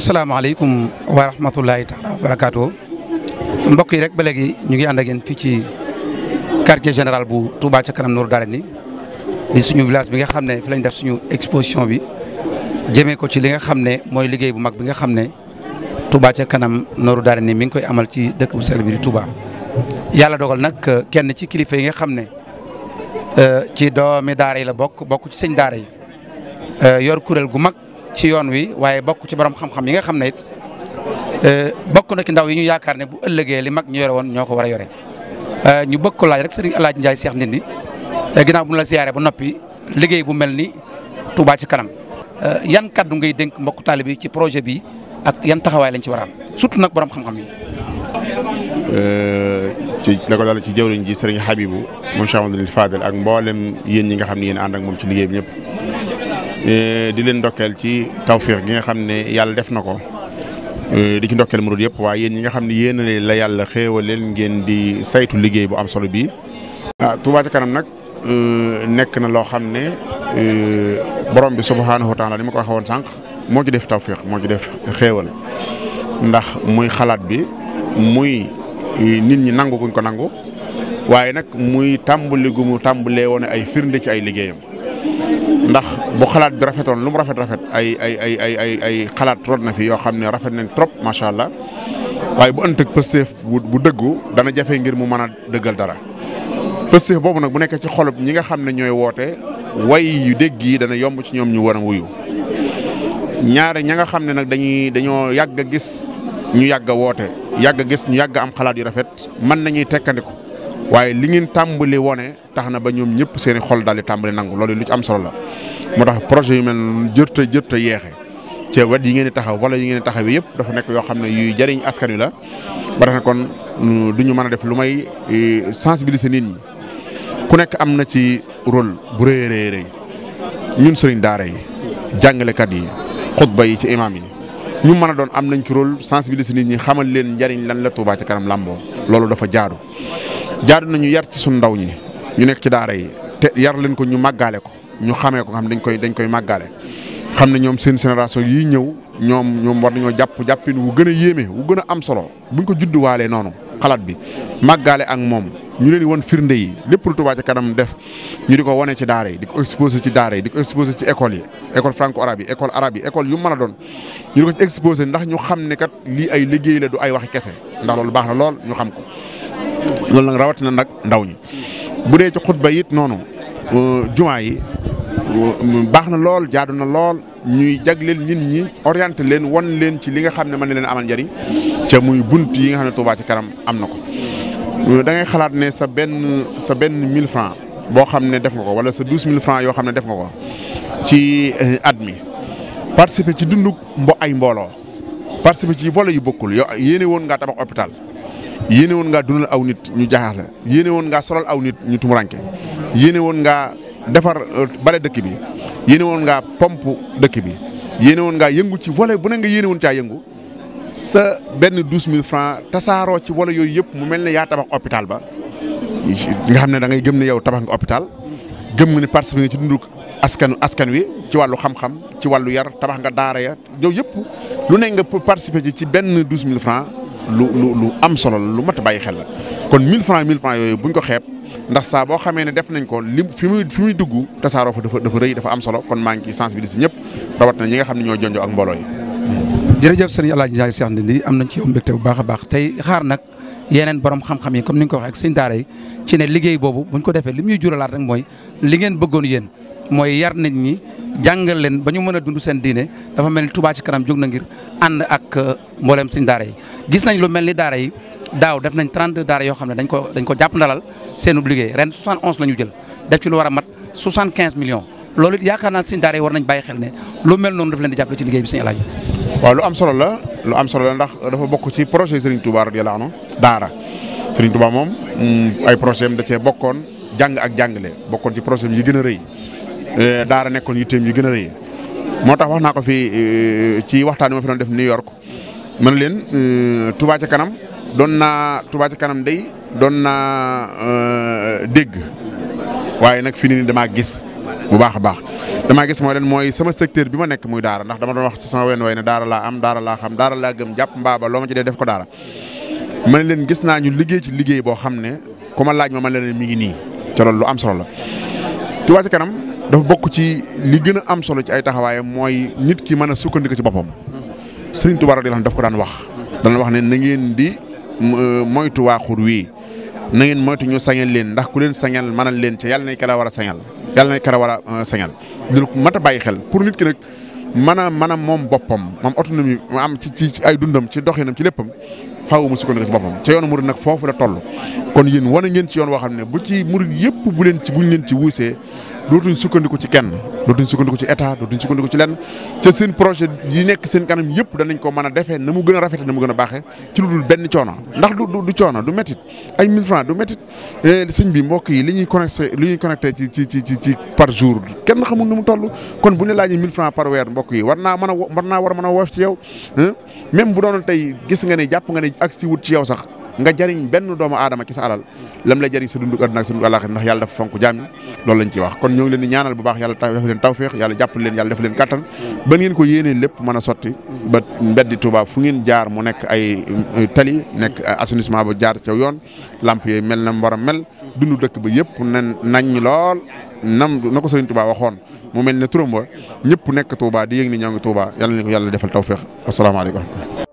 asalaamaaleykum wa rahmatulahi taala wa barakaatu mbokk yi rek ba léegi ñu ngi ànd ak yéen fii ci quartier général bu Touba ca kanam Nour Daara ni di suñu village bi nga xam ne lañ def suñu exposition bi jëmee ko ci li nga xam ne mooy liggéey bu mag bi nga xam ne Touba ca kanam Nour Daara ni mi ngi koy amal ci dëkk bu sell bi di Touba. yàlla dogal nag euh, kenn ci kilifa yi nga xam ne euh, ci doomi daara la bokk bokk ci sëñ daara yi euh, yor kuréel gu mag. ci yoon wi waaye bokk ci borom xam-xam yi nga xam ne it euh, bokk na ci ndaw yi ñu yaakaar ne bu ëllëgee li mag ñu yore woon ñoo ko war a yore euh, ñu bëgg ko laaj rek sëriñ El Hadj Ndiaye Cheikh Ndindi euh, ginnaaw bu ñu la siyaaree ba noppi liggéey bu mel ni Touba ci kanam. yan kaddu ngay dénk mbokk taalibe yi ci projet bi ak yan taxawaay lañ ci war a am surtout nag borom xam-xam yi. ci la ko daal ci jawriñ ji sëriñ Habibou moom Cheikh Amadou Fadel ak mboolem yéen ñi nga xam ne yéen ànd moom ci liggéey bi ñëpp. Eh, di leen ndokkeel ci tawféex gi nga xam ne yàlla def na ko eh, di ci ndokkeel murid yëpp waaye yéen ñi nga xam ne yéen la yàlla xéewal leen ngeen di saytu liggéey bu am solo bii. ah Touba Ca Kanam nag eh, nekk na loo xam ne borom bi subhaanahu wa taala ni ma ko waxee sànq moo ci def tawféex moo ci def xéewal ndax muy xalaat bi muy nit ñi nangu ko nangu waaye nag muy tàmbali gu mu tàmbalee woon ay firnde ci ay liggéeyam. ndax bu xalaat bi rafetoon lu mu rafet rafet ay ay ay ay ay ay xalaat rod na fi yoo xam ne rafet nañ trop macha allah waaye bu ënt ak pësteef bu dëggu dana jafe ngir mu mën a dëggal dara pësteef boobu nag bu nekkee ci xolub ñi nga xam ne ñooy woote way yu dégg yi dana yomb ci ñoom ñu war a wuyu ñaare ña nga xam ne nag dañuy dañoo yàgg a gis ñu yàgg a woote yàgg a gis ñu yàgg am xalaat yu rafet mën nañuy tekkandiku waaye li ngeen tàmbali wone tax na ba ñoom ñëpp seeni i xol daal di tàmbali nangu loolu lu ci am solo la moo tax projet yu mel noonu jërta jërta yeexe ci wet yi ngeen di taxaw wala yi ngeen di taxaw yëpp dafa nekk yoo xam ne yuy jariñ askan wi la ba kon du mën a def lu may e, sensibiliser nit ku nekk am na ci rôle bu rëy ñun sëriñ daara yi jàngalekat yi xutba yi ci imaam yi ñu mën a doon am nañ ci rôle sensibiliser nit ñi xamal leen njëriñ lan la Touba ci kanam làmboo loolu dafa jaaru jaadu nañu yar ci suñu ndaw ñi ñu nekk ci daara yi te yar leen ko ñu màggaale ko ñu xamee ko nga xam dañ koy dañ koy màggaale xam ne ñoom seen génération yii ñëw ñoom ñoom war nañoo jàpp jàppin wu gën a yéeme wu gën a am solo bu ñu ko judduwaalee noonu xalaat bi màggaale ak moom ñu leen di won firnde yi lépp lu Touba ca kanam def ñu di ko wane ci daara yi di ko exposé ci daara yi di ko exposé ci école yi école franco arabe yi école arabe yi école yu mën a doon ñu di exposé ndax ñu xam ne kat lii ay liggéey la du ay waxi kese ndax loolu baax na lool ñu xam ko loolu nag rawatina nag ndaw ñi bu dee ci xutba it noonu euh, jumaa yi euh, baax na lool jaadu na lool ñuy jagleel nit ñi orienté leen wan leen ci li nga xam ne mën na leen amal njariñ ca muy bunt yi nga xam ne Touba ci kanam am na ko euh, da ngay xalaat ne sa benn sa benn mille francs boo xam ne def nga ko wala sa 12000 francs yoo xam ne def nga ko ci at mi participer ci dunduk mbo ay mbooloo participer ci volet yu bokkul yoo yéene woon ngaa tabax hôpital yéene woon ngaa dundal aw nit ñu jaaxle yéene woon ngaa solal aw nit ñu tumuranke yéene woon ngaa defar euh, bale dëkk bi yéene woon ngaa pomp dëkk bi yéene woon ngaa yëngu ci volet bu ne nga yéene woon caa yëngu sa benn douze mille francs tasaaroo ci volet yooyu yëpp mu mel ne yaa tabax hôpital ba nga xam ne da ngay gëm ne yow tabax nga hôpital gëm nga ne ci dundu askanu askan wi ci wàllu xam ci wàllu yar tabax nga daara ya yow yëpp lu ne nga participer ci ci benn douze mil francs lu lu lu am solo la lu mat a bàyyi xel la kon 1000 francs 1000 francs yooyu buñ ko xeeb ndax saa xamee ne def nañ ko lim fi muy fi muy dugg fa dafa rëy dafa am solo kon maa ngi ciy sensibiliser ñëpp rawat na ñi nga xam ne ñoo jonjoo ak mbooloo yi. jërëjëf sëriñ El Hadj Ndiaye Cheikh Ndindi am nañ ci yow mbégte bu baax a baax tey xaar nag yeneen borom xam-xam yi comme ni nga ko waxee ak sëñ ci ne liggéey boobu buñ ko defee li muy juralaat rek mooy li ngeen bëggoon yéen mooy yar nit ñi jàngal leen ba ñu mën a dund seen diine dafa mel ni Touba ci kanam jóg na ngir ànd ak euh, mboolem suñ daara yi gis nañ lu mel ni daara yi daaw def nañ 32 daara yoo xam ne dañ ko dañ ko jàpp ndalal seen liggéey ren 71 la ñu jël def ci lu war a mat 75 millions loolu it yaakaar naa suñ daara yi war nañ bàyyi xel ne lu mel noonu daf leen di jàppale ci liggéey bi sëñ El waaw lu am solo la lu am solo la ndax dafa bokk ci projet Serigne Touba radiyallahu anhu daara Serigne Touba moom mm, ay projet am da bokkoon jàng ak jàngale bokkoon ci projet yi gën a rëy Euh, daara nekkoon yitteem yu gën a rëy moo tax wax naa ko fii euh, ci waxtaan wi ma doon def New York man leen euh, Touba ca kanam doon naa Touba kanam day doon naa dégg waaye nag fii nii damaa gis bu baax a baax dama gis mooy leen mooy sama secteur bi ma nekk muy daara ndax dama doon wax ci sama wen way ne daara laa am daara laa xam daara laa gëm jàpp mbaa ba loo ma ci dee def ko daara man leen gis naa ñu liggéey ci liggéey boo xam ne ku ma laaj ma man leen mi ngi nii te lu am solo dafa bokk ci li gën a am solo ci ay taxawaayam mooy nit ki mën a sukkandiku ci boppam. Sëriñ Tuubaa radiyallaahu anhu daf ko daan wax. dana wax ne na ngeen di euh, moytu waa xur wii na ngeen moytu ñu sañal leen ndax ku leen sañal mënal leen ci yàlla nañ kera war a sañal yàlla nañ kala war a euh, sañal. mat a bàyyi xel pour nit ki nag mën a moom boppam moom autonomie mu am ci ci ay dundam ci doxinam ci léppam. faaw mu sukkandiku ci boppam ca yoonu murid nag foofu la toll kon yéen wane ngeen ci yoon woo xam ne bu ci murid yëpp bu leen ci buñ leen ci wuusee dootuñ sukkandiku ci kenn dootuñ sukkandiku ci état dootuñ sukkandiku ci lenn ca seen projet yi nekk seen kanam yëpp danañ ko mën a defee na mu gën a rafete na mu gën a baaxee ci lu dul benn coono ndax du du coono du métit ay mille francs du métit eh, sëñ bi mbokk yi li ñuy connecté li ñuy connecté ci ci ci ci ci par jour kenn xamul nu mu toll kon bu ne laaj mille francs par weer mbokk yi war naa mën a war naa war a mën a woyof ci yow même bu doon tey gis nga ne jàpp nga ne ak wut ci yow sax nga jariñ benn doomu aadama ci sa alal lam la jariñ sa dunduk àdduna ak sa dunduk àllaaxira ndax yàlla dafa fonk jaam yi loolu lañ ci wax kon ñoo ngi leen di ñaanal bu baax yàlla def leen tawféex yàlla jàppal leen yàlla def leen kattan ba ngeen ko yéenee lépp mën a sotti ba mbeddi Touba fu ngeen jaar mu nekk ay tali nekk assainissement ba jaar ca yoon lamp yooyu mel na war a mel dundu dëkk ba yëpp nen nañ lool nam na ko Sëriñ Touba waxoon mu mel ne turam ba ñëpp nekk Touba di yëg ni ñoo ngi Touba yàlla ni ko yàlla defal tawféex asalaamaaleykum